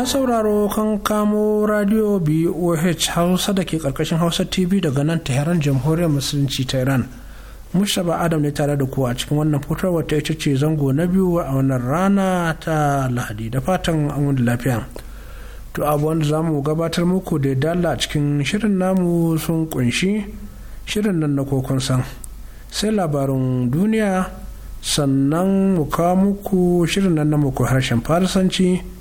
an sauraro kan kamo radio boh hausa da ke karkashin hausa tv daga nan tehran jamhuriyar musulunci ta iran mushaba adam ne tare da ku a cikin wannan fitar wata ita ce zango na biyu a wannan rana ta lahadi da fatan an wani lafiya to abuwan da za mu gabatar muku da dala a cikin shirin namu sun kunshi shirin nan na kokon san sai labarin duniya sannan mu kawo muku shirin nan na muku harshen farisanci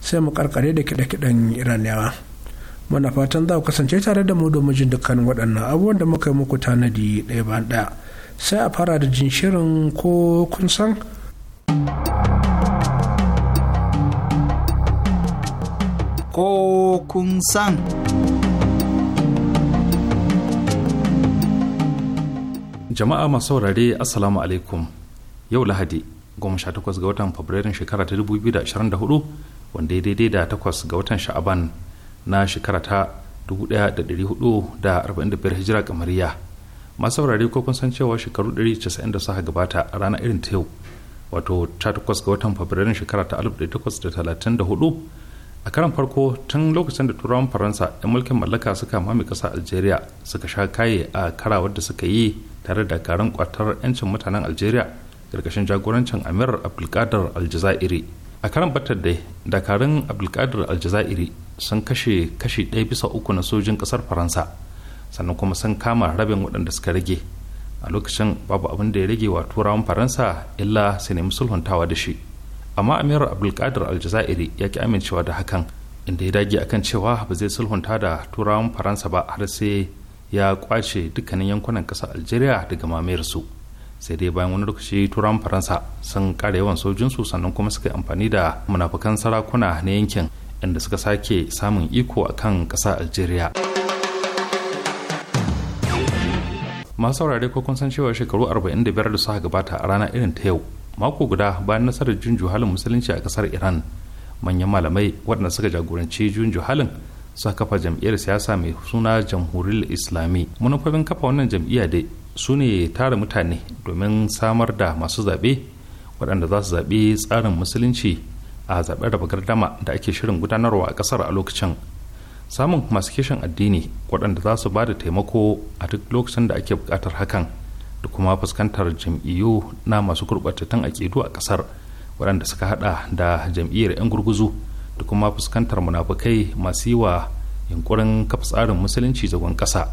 sai mu karkare da kiɗe-kiɗen iraniyawa muna fatan za ku kasance tare da mu domin jin dukkan waɗannan abubuwan da muka yi muku tanadi ɗaya bayan ɗaya sai a fara da jin shirin ko kun san ko kun san jama'a masu saurare assalamu alaikum yau lahadi 18 ga watan fabrairun shekara ta 2024 wanda ya daidai da takwas ga watan sha'aban na shekara ta 1445 hijira kamariya masu saurari ko kun san cewa shekaru 190 da suka gabata a ranar irin ta yau wato ta takwas ga watan fabrairun shekara ta 1834 a karan farko tun lokacin da turawan faransa 'yan mulkin mallaka suka mami ƙasa algeria suka sha kaye a karawar da suka yi tare da garin kwatar 'yancin mutanen algeria karkashin jagorancin amir abdulkadir aljazairi a karan batar da dakarun abdulkadir aljazairi sun kashe kashi ɗaya bisa uku na sojin ƙasar faransa sannan kuma sun kama rabin waɗanda suka rage a lokacin babu abin da ya rage wa turawan faransa illa su nemi sulhuntawa da shi amma amirar abdulkadir aljazairi ya ki amincewa da hakan inda ya dage akan cewa ba zai sulhunta da turawan faransa ba har sai ya kwace dukkanin yankunan ƙasar aljeriya daga mamayar su sai dai bayan wani lokaci turan faransa sun kare yawan sojinsu sannan kuma suka amfani da munafukan sarakuna na yankin inda suka sake samun iko a kan kasa algeria masu saurare ko kun san cewa shekaru 45 da suka gabata a rana irin ta yau mako guda bayan nasarar junju halin musulunci a kasar iran manyan malamai waɗanda suka jagoranci junju halin suka kafa jam'iyyar siyasa mai suna jamhuriyar islami manufofin kafa wannan jam'iyya dai su ne tara mutane domin samar da masu zaɓe waɗanda za su zaɓi tsarin musulunci a zaɓen raba gardama da ake shirin gudanarwa a ƙasar a lokacin samun masu kishin addini waɗanda za su ba da taimako a duk lokacin da ake buƙatar hakan da kuma fuskantar jam'iyyu na masu gurɓatattun aƙidu a ƙasar waɗanda suka haɗa da jam'iyyar 'yan gurguzu da kuma fuskantar munafukai masu yi wa yunkurin kafa tsarin musulunci zagon ƙasa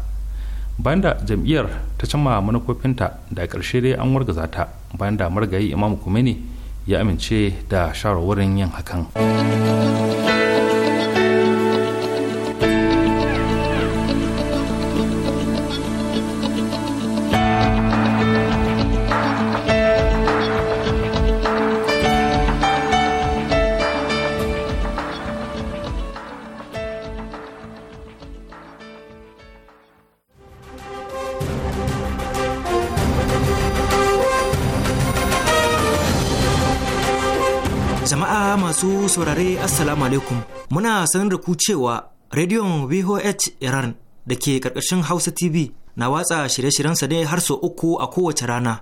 bayan da jam'iyyar ta cimma manufofinta da ƙarshe dai an wargaza ta bayan da margayi imam kumeni ya amince da shawarwarin yin hakan alaikum. Muna sanar da ku cewa rediyon VOH Iran da ke karkashin Hausa TV na watsa shirye-shiryensa ne har sau uku a kowace rana.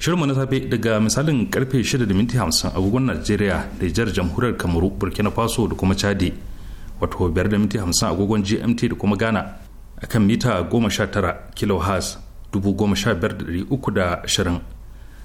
Shirma na safe daga misalin karfe 6:50 gugun Najeriya da jihar jamhuriyar Kamaru, Burkina Faso da kuma Chadi. Wato 5:50 gugun GMT da kuma Ghana akan mita 19 kHz 15320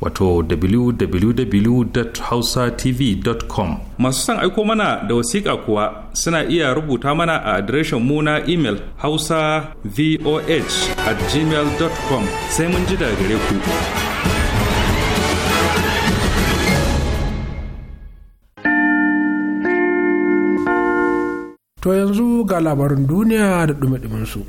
wato www.hausatv.com masu son aiko mana da wasiƙa kuwa suna iya rubuta mana a adireshin mu na imel hausa voh at gmail.com sai mun ji daga gare ku to yanzu ga labarin duniya da dumi su.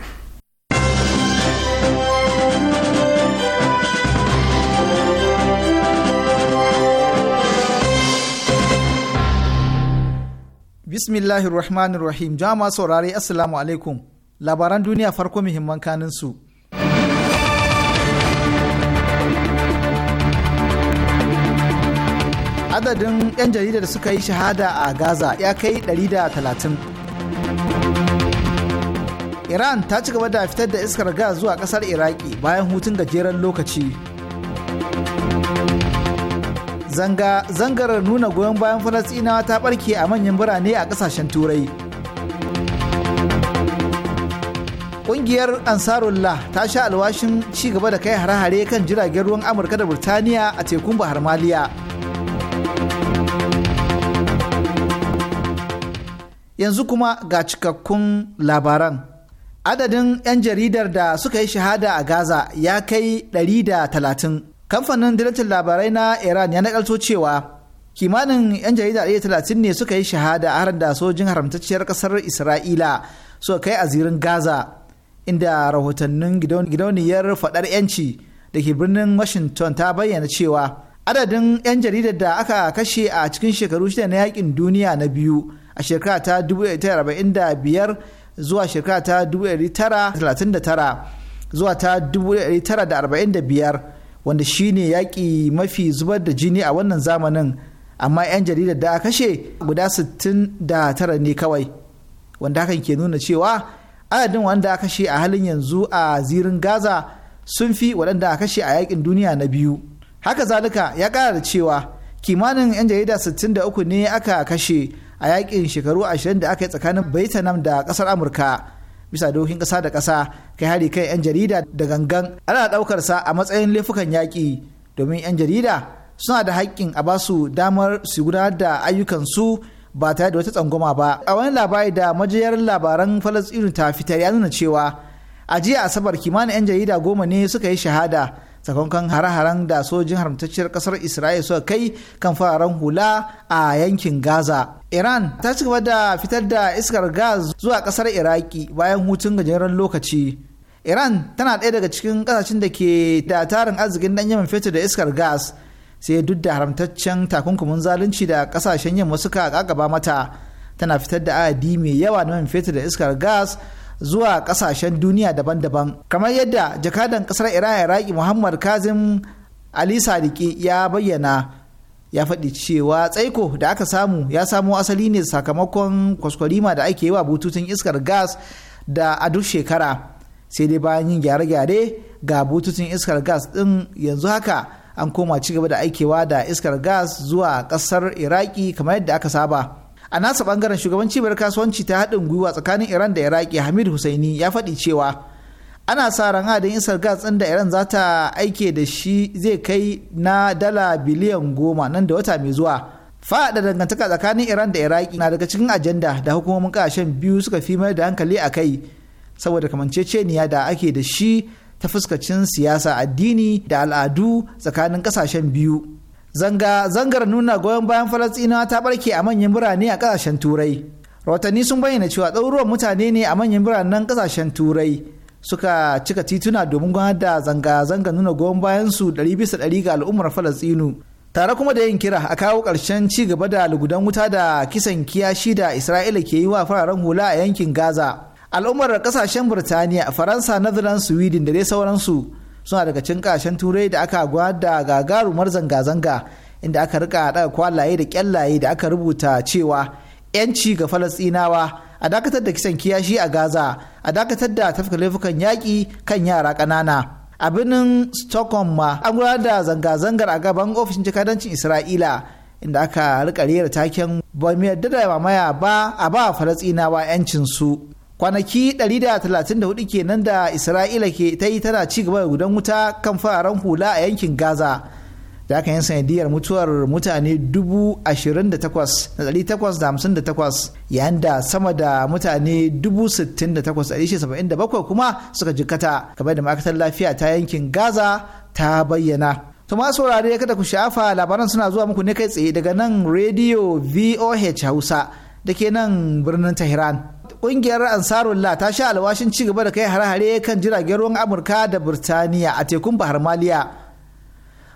Bismillahir Rahmanir Rahim. Jama'a saurare Assalamu alaikum. Labaran duniya farko muhimman kanin su. Adadin 'yan jarida da suka yi shahada a Gaza ya kai 130. Iran ta ci gaba da fitar da iskar gas zuwa kasar Iraki bayan hutun gajeren lokaci. zanga zangar nuna goyon bayan falasɗinawa ta ɓarke a manyan birane a kasashen turai ƙungiyar ansarullah ta sha alwashin ci gaba da kai hare-hare kan jiragen ruwan amurka da burtaniya a tekun bahar maliya yanzu kuma ga cikakkun labaran adadin 'yan jaridar da suka yi shahada a gaza ya kai 130 kamfanin dilancin labarai na iran ya nakalto cewa kimanin 'yan jarida ɗaya talatin ne suka yi shahada a da sojin haramtacciyar kasar isra'ila suka kai a zirin gaza inda rahotannin gidauniyar fadar 'yanci da ke birnin washington ta bayyana cewa adadin 'yan jaridar da aka kashe a cikin shekaru shida na yakin duniya na biyu a shekara ta 1945 zuwa shekara ta 1939 zuwa ta 1945 wanda shine yaƙi mafi zubar da jini a wannan zamanin amma 'yan jaridar da kashe guda 69 ne kawai wanda hakan ke nuna cewa adadin wanda aka kashe a halin yanzu a zirin gaza sun fi waɗanda aka kashe a yaƙin duniya na biyu haka zalika ya ƙara da cewa kimanin 'yan jarida 63 ne aka kashe a yaƙin shekaru 20 da aka yi tsakanin baitanam da ƙasar amurka bisa dokin ƙasa da ƙasa kai hari kai 'yan jarida da gangan ana ɗaukarsa a matsayin laifukan yaƙi domin 'yan jarida suna da haƙƙin a basu damar su gudanar da ayyukansu ba tare da wata tsangwama ba a wani labari da majiyar labaran falastinu ta fitar ya nuna cewa a jiya asabar kimanin 'yan jarida goma ne suka yi shahada tsakankan hare-haren da sojin haramtacciyar kasar isra'ila suka kai kan fararen hula a yankin gaza iran ta ci gaba da fitar da iskar gas zuwa kasar iraki bayan hutun gajeren lokaci iran tana ɗaya daga cikin ƙasashen da ke da tarin arzikin ɗan yamin fetur da iskar gas sai duk da haramtaccen takunkumin zalunci da ƙasashen yamma suka ƙaƙaba mata tana fitar da adadi mai yawa na man fetur da iskar gas zuwa kasashen duniya daban-daban kamar yadda jakadan kasar iran iraki muhammad kazim ali sadiki ya bayyana ya faɗi cewa tsaiko da aka samu ya samo asali ne sakamakon kwaskwarima da ake yi wa bututun iskar gas da a duk shekara sai dai bayan yin gyare-gyare ga bututun iskar gas ɗin yanzu haka an koma ci gaba da aikewa da iskar gas zuwa ƙasar iraki kamar yadda aka saba. a nasa bangaren shugaban cibiyar kasuwanci ta haɗin gwiwa tsakanin iran da iraki hamid husaini ya faɗi cewa ana sa ran adin isar gas ɗin da iran za ta aike da shi zai kai na dala biliyan goma nan da wata mai zuwa faɗa dangantaka tsakanin iran da iraki na daga cikin ajanda da hukumomin ƙasashen biyu suka fi mayar da hankali a kai saboda kamanceceniya da ake da shi ta fuskacin siyasa addini da al'adu tsakanin ƙasashen biyu zanga-zangar nuna goyon bayan falastinawa ta barke a manyan birane a kasashen turai rahotanni sun bayyana cewa ɗaruruwan mutane ne a manyan biranen kasashen turai suka cika tituna domin gudanar da zanga-zanga nuna goyon bayan su ɗari bisa ɗari ga al'ummar falasɗinu tare kuma da yin kira a kawo ƙarshen ci gaba da lugudan wuta da kisan kiyashi da isra'ila ke yi wa fararen hula a yankin gaza al'ummar kasashen birtaniya faransa netherlands sweden da dai sauransu suna daga cikin kashen turai da aka gwada gagarumar zanga-zanga inda aka rika daga kwalaye da kyallaye da aka rubuta cewa yanci ga falastinawa a dakatar da kisan kiyashi a gaza a dakatar da tafka laifukan yaƙi kan yara ƙanana a birnin stockholm ma an gudanar da zanga-zangar a gaban ofishin jakadancin isra'ila inda aka rika rera taken ba mai yarda da mamaya ba a ba falastinawa su. kwanaki 134 kenan da isra'ila ke ta yi tana ci gaba da gudan wuta kan fararen hula a yankin gaza da aka yin sanadiyar mutuwar mutane 28,858 yayin da sama da mutane 68,677 kuma suka jikata kamar da ma'aikatar lafiya ta yankin gaza ta bayyana to ma saurare kada ku shafa labaran suna zuwa muku ne kai tsaye daga nan radio voh hausa da ke nan birnin tehran Ƙungiyar Ansarullah ta sha alwashin ci gaba da kai hare-hare kan jiragen ruwan Amurka da Birtaniya a tekun Bahar Maliya.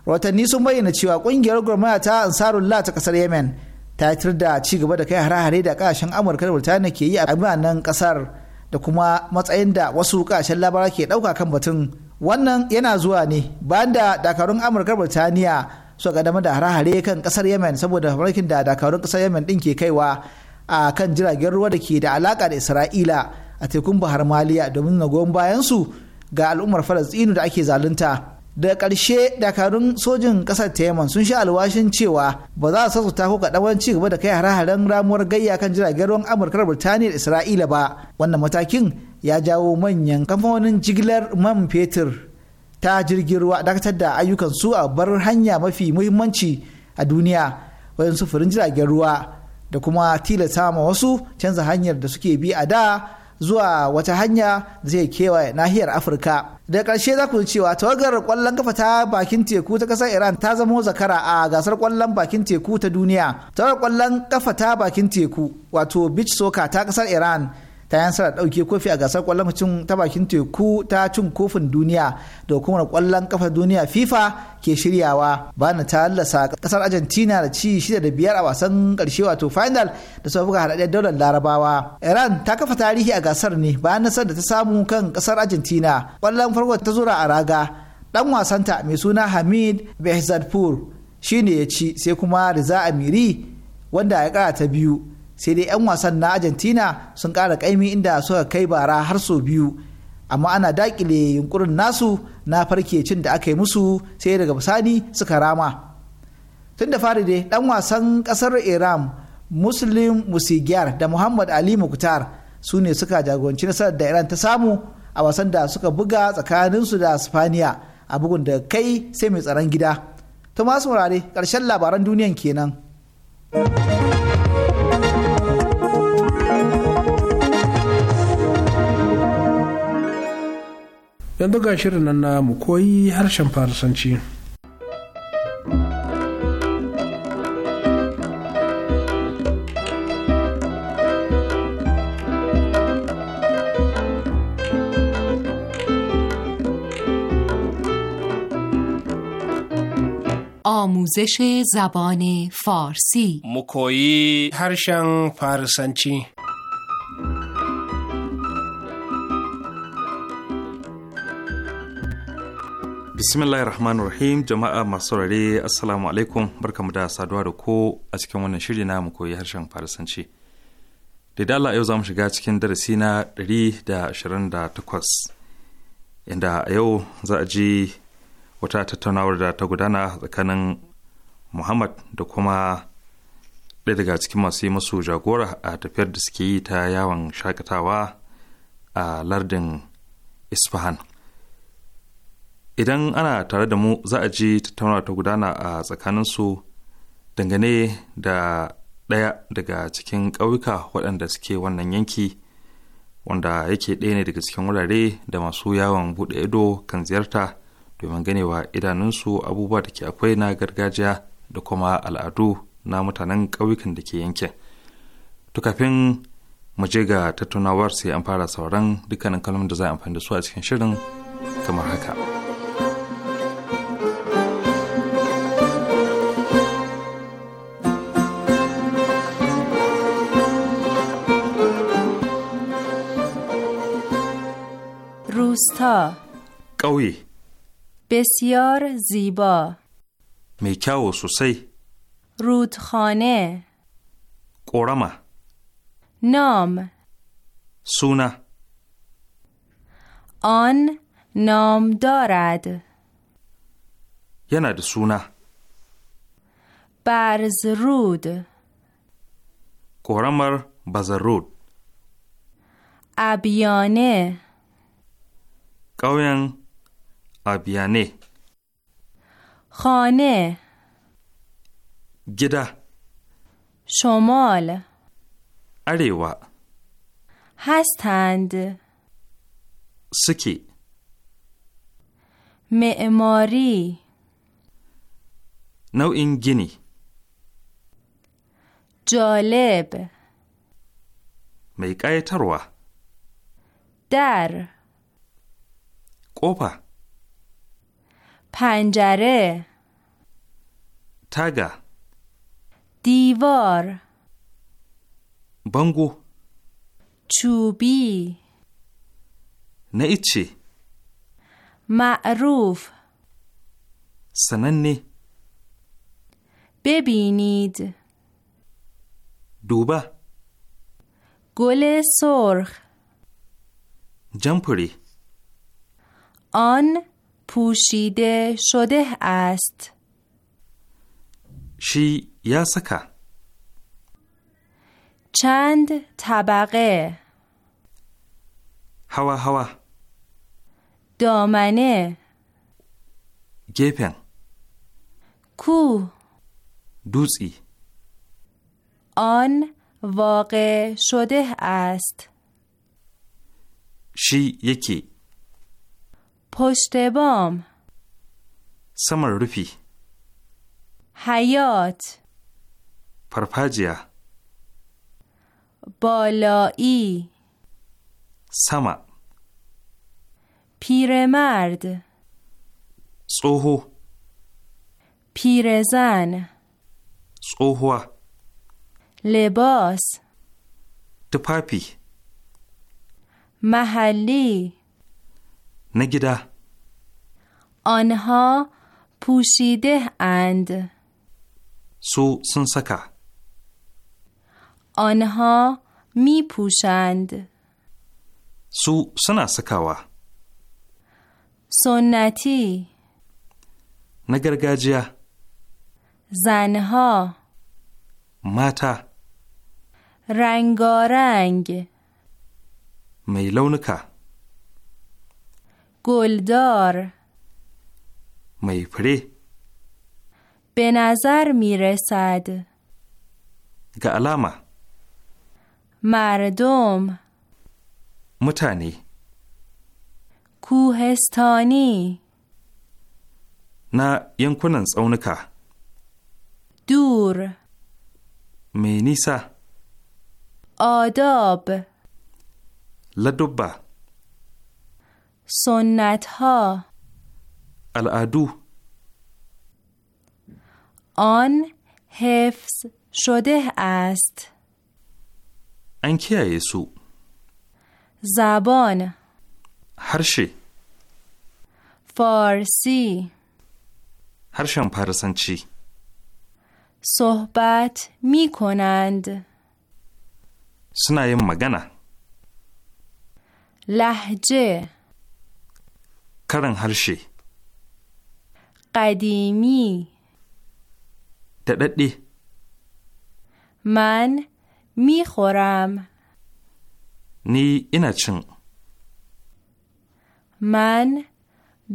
Rahotanni sun bayyana cewa ƙungiyar gwamnati ta Ansarullah ta kasar Yemen ta tir da ci gaba da kai hare-hare da ƙasashen Amurka da Birtaniya ke yi a biranen kasar da kuma matsayin da wasu ƙasashen labara ke ɗauka kan batun. Wannan yana zuwa ne bayan da dakarun Amurka Birtaniya suka gadama da hare-hare kan kasar Yemen saboda farkin da dakarun kasar Yemen ɗin ke kaiwa a kan jiragen ruwa da ke da alaka da isra'ila a tekun bahar maliya domin na goyon bayansu ga al'ummar falastinu da ake zalunta daga karshe dakarun sojin ƙasar ta yaman sun sha alwashin cewa ba za su sassauta ko kaɗan ci gaba da kai hare-haren ramuwar gayya kan jiragen ruwan amurka da birtaniya da isra'ila ba wannan matakin ya jawo manyan kamfanonin jigilar man fetur ta jirgin ruwa dakatar da ayyukan su a bar hanya mafi muhimmanci a duniya wajen sufurin jiragen ruwa da kuma tilasta ma wasu canza hanyar da suke bi a da zuwa wata hanya da zai kewaye nahiyar afirka da ƙarshe za ku ji cewa tawagar kwallon kafa ta bakin teku ta ƙasar iran ta zamo zakara a gasar kwallon bakin teku ta duniya tawagar kwallon kafa ta bakin teku wato beach soka ta ƙasar iran ta yansar ɗauke kofi a gasar kwallon cin ta bakin teku ta cin kofin duniya da hukumar kwallon kafa duniya fifa ke shiryawa bana ta lallasa kasar argentina da ci shida da biyar a wasan ƙarshe wato final da suka buga haɗaɗɗen daular larabawa iran ta kafa tarihi a gasar ne bayan nasar da ta samu kan kasar argentina kwallon farko ta zura a raga dan wasanta mai suna hamid behzadpur shine ya ci sai kuma riza amiri wanda ya kara ta biyu sai dai 'yan wasan na argentina sun kara kaimi inda suka kai bara har sau biyu amma ana dakile yunkurin nasu na farke cin da aka yi musu sai daga bisani suka rama tun da fari dai dan wasan kasar iran muslim musigiyar da muhammad ali mukhtar su ne suka jagoranci nasarar da iran ta samu a wasan da suka buga tsakaninsu da spaniya a bugun da kai sai mai tsaron gida to masu murare ƙarshen labaran duniyan kenan. yanzu ga shirin nan na mu koyi harshen farsanci آموزش زبان فارسی مکویی هرشن فارسنچی bismillahir rahmanir rahim jama'a masu rare assalamu alaikum barkamu da saduwa da ko a cikin wannan shiri na mu koyi harshen farisanci da dala yau za mu shiga cikin darasi na 128 inda a yau za a ji wata tattaunawar da ta gudana tsakanin muhammad da kuma ɗaya daga cikin masu yi masu jagora a tafiyar da suke yi ta yawon shakatawa a lardin isfahan idan ana tare da mu za a ji tattaunawa ta gudana a tsakaninsu dangane da ɗaya daga cikin ƙauyuka waɗanda suke wannan yanki wanda yake ɗaya ne daga cikin wurare da masu yawon buɗe ido kan ziyarta domin ganewa idanunsu abubuwa da ke akwai na gargajiya da kuma al'adu na mutanen ƙauyukan da ke yankin to kafin mu je ga tattaunawar sai an fara sauran dukkanin kalmomin da za a amfani da su a cikin shirin kamar haka. روستا قوی بسیار زیبا میکاو سوسی رودخانه قرمه نام سونه آن نام دارد یه د سونه برز رود قرمر رود ابیانه قویان آبیانه خانه گده شمال اریوا هستند سکی معماری نو گینی جالب می تروه در قوپا پنجره تگا دیوار بانگو چوبی نیچی، معروف سننی ببینید دوبا، گل سرخ جمپری آن پوشیده شده است شی یا چند طبقه هوا هوا دامنه گپن کو دوزی آن واقع شده است شی یکی پشت بام سمر رفی حیات پرپاجیا بالایی سما پیرمرد سوهو، پیرزن سوهو، لباس تپاپی محلی نگیده آنها پوشیده اند سو سنسکا آنها می پوشند سو سناسکاوا سنتی نگرگاجیا زنها ماتا رنگارنگ میلونکا گلدار می فره به نظر می رسد گه علامه مردم متانی کوهستانی نه ینکنن تسونکا دور می نیسا آداب لدبه سنت ها العدو آن حفظ شده است انکیه سو زبان هرشی فارسی هرشم چی؟ صحبت می کنند سنای مگنه لحجه کرن هرشی قدیمی تددی من میخورم نی اینا چن من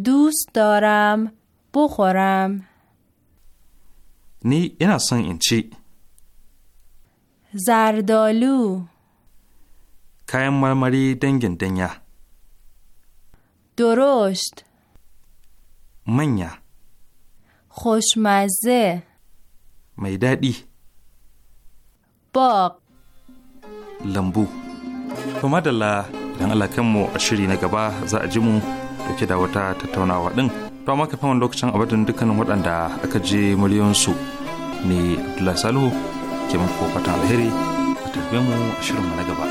دوست دارم بخورم نی اینا سن این چی زردالو کایم مرمری دنگن دنیا درشت منیا خوشمزه mai daɗi. Bob. Lambu. To madalla don Allah kanmu a shiri na gaba za a ji mu dauke da wata tattaunawa ɗin. To amma kafin wani lokacin abadin dukkanin waɗanda aka je miliyansu ne Abdullahi Salihu ke muku fatan alheri a tarbe mu shirin na gaba.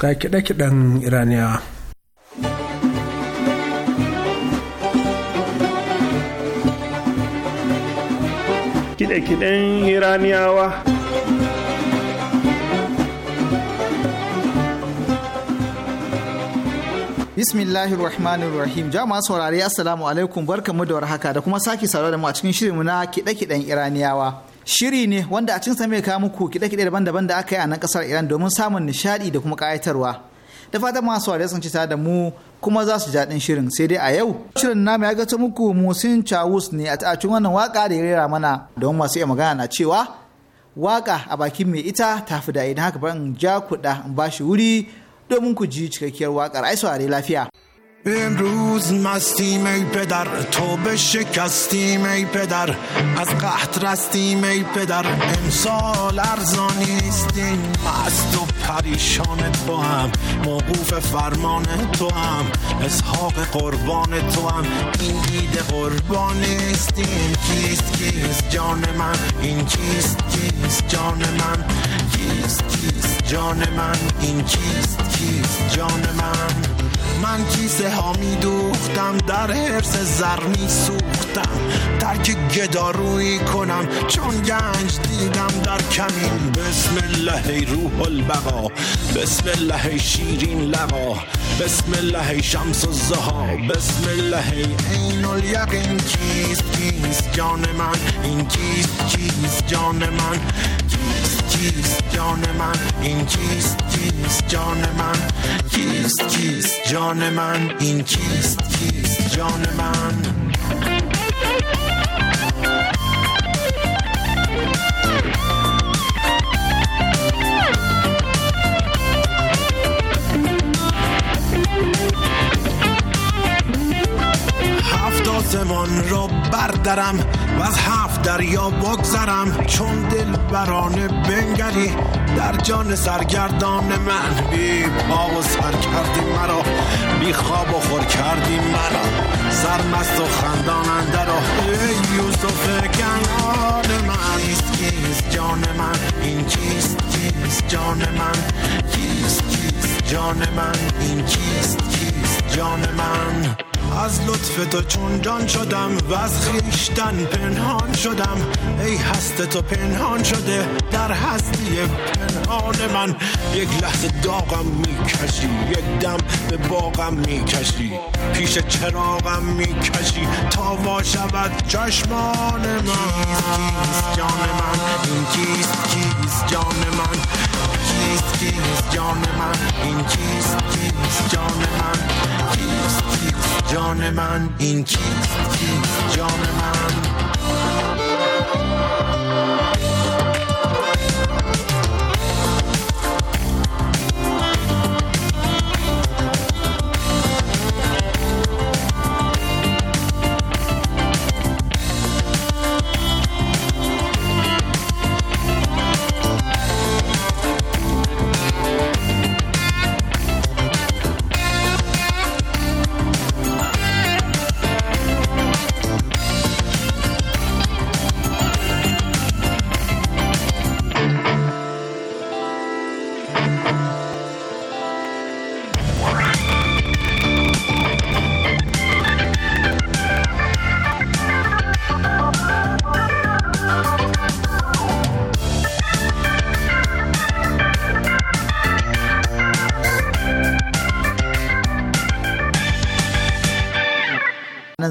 ga kiɗe-kiɗen iraniyawa kiɗe-kiɗen iraniyawa Bismillahir Rahmanir Rahim. Jama'a saurari Assalamu alaikum barkamu da warhaka da kuma sake saurare mu a cikin shirinmu na kiɗe-kiɗen Iraniyawa. shiri ne wanda a cikin mai kawo muku kiɗe-kiɗe daban-daban da aka yi a nan kasar Iran domin samun nishaɗi da kuma kayatarwa Da fatan masu ware sun ci da mu kuma za su ji daɗin shirin sai dai a yau. Shirin namu ya gato muku Musin Chawus ne a cikin wannan waka da ya rera mana don masu iya magana na cewa waka a bakin mai ita ta fi da idan haka ban ja kuɗa in ba shi wuri domin ku ji cikakkiyar wakar ai saurare lafiya. امروز مستیم ای پدر تو به شکستیم ای پدر از قحط رستیم ای پدر امسال ارزانیستیم مست و پریشان تو هم موقوف فرمان تو هم اسحاق قربان تو هم این عید قربانیستیم کیست کیست جان من این کیست کیست جان من کیست کیست جان من این کیست کیست جان من من کیسه ها دوختم در حرس زر سوختم که گدارویی کنم چون گنج دیدم در کمین بسم الله روح البقا بسم الله شیرین لقا بسم الله شمس زها بسم الله عین الیقین کیست کیست جان من این کیست کیست جان من کیست کیست جان من این کیست کیست جان من کیست کیست جان من این کیست کیست جان من آسمان را بردرم و از هفت دریا بگذرم چون دل برانه بنگری در جان سرگردان من بی پا و سر کردی مرا بی خواب و خور کردی مرا سرمست و خنداننده اندر ای یوسف گنان من کیست کیست جان من این کیست کیست جان من کیست کیست جان من این کیست کیست جان من از لطف تو چون جان شدم و از خیشتن پنهان شدم ای هست تو پنهان شده در هستی پنهان من یک لحظه داغم میکشی یک دم به باغم میکشی پیش چراغم میکشی تا وا شود چشمان من کیست جان من این کیست کیست جان من کیست کیست جان من این جان من کیست کیست جان من این جان من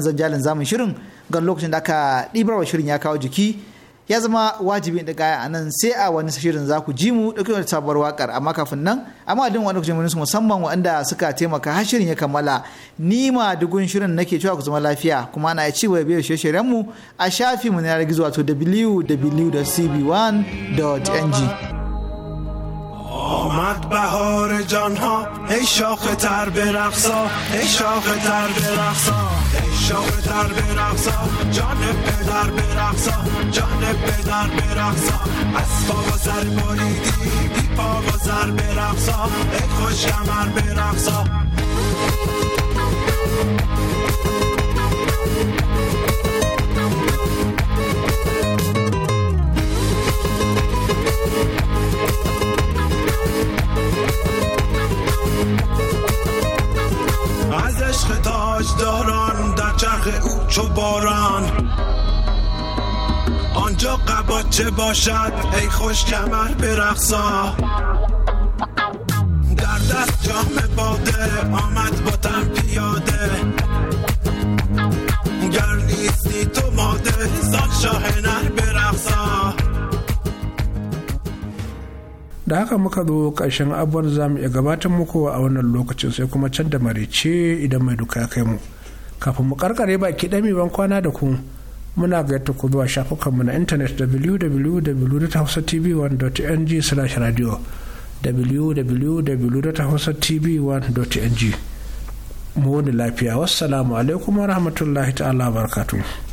nan zan jalin zamun shirin gan lokacin da aka ɗibarwa shirin ya kawo jiki ya zama wajibi da gaya a nan sai a wani shirin za ku ji mu ɗauki wani sabuwar waƙar amma kafin nan amma din wani lokacin wani musamman waɗanda suka taimaka har shirin ya kammala ni ma dugun shirin nake cewa ku zama lafiya kuma na ci wa biyar shirye-shiryen mu a shafi mu na yanar gizo wato www.cb1.ng آمد بهار جان ها ای شاخ تر برقصا ای شاخ تر برقصا شام در برقصا جان پدر برقصا جان پدر برقصا از پا و سر بریدی بی پا و سر خوش کمر برقصا تاجداران در چرخ او چو باران آنجا قباچه باشد ای خوش کمر درد در دست جام باده آمد با تن پیاده گر نیستی تو ماده زان da haka muka zo ƙarshen abubuwan za mu iya gabatar muku a wannan lokacin sai kuma can da marice idan mai duka kai mu kafin mu karkare baki ɗami ban kwana da ku muna gayyata ku zuwa shafukanmu na intanet www.hausatv1.ng slash radio www.hausatv1.ng mu wani lafiya wassalamu alaikum wa rahmatullahi ta'ala barkatu.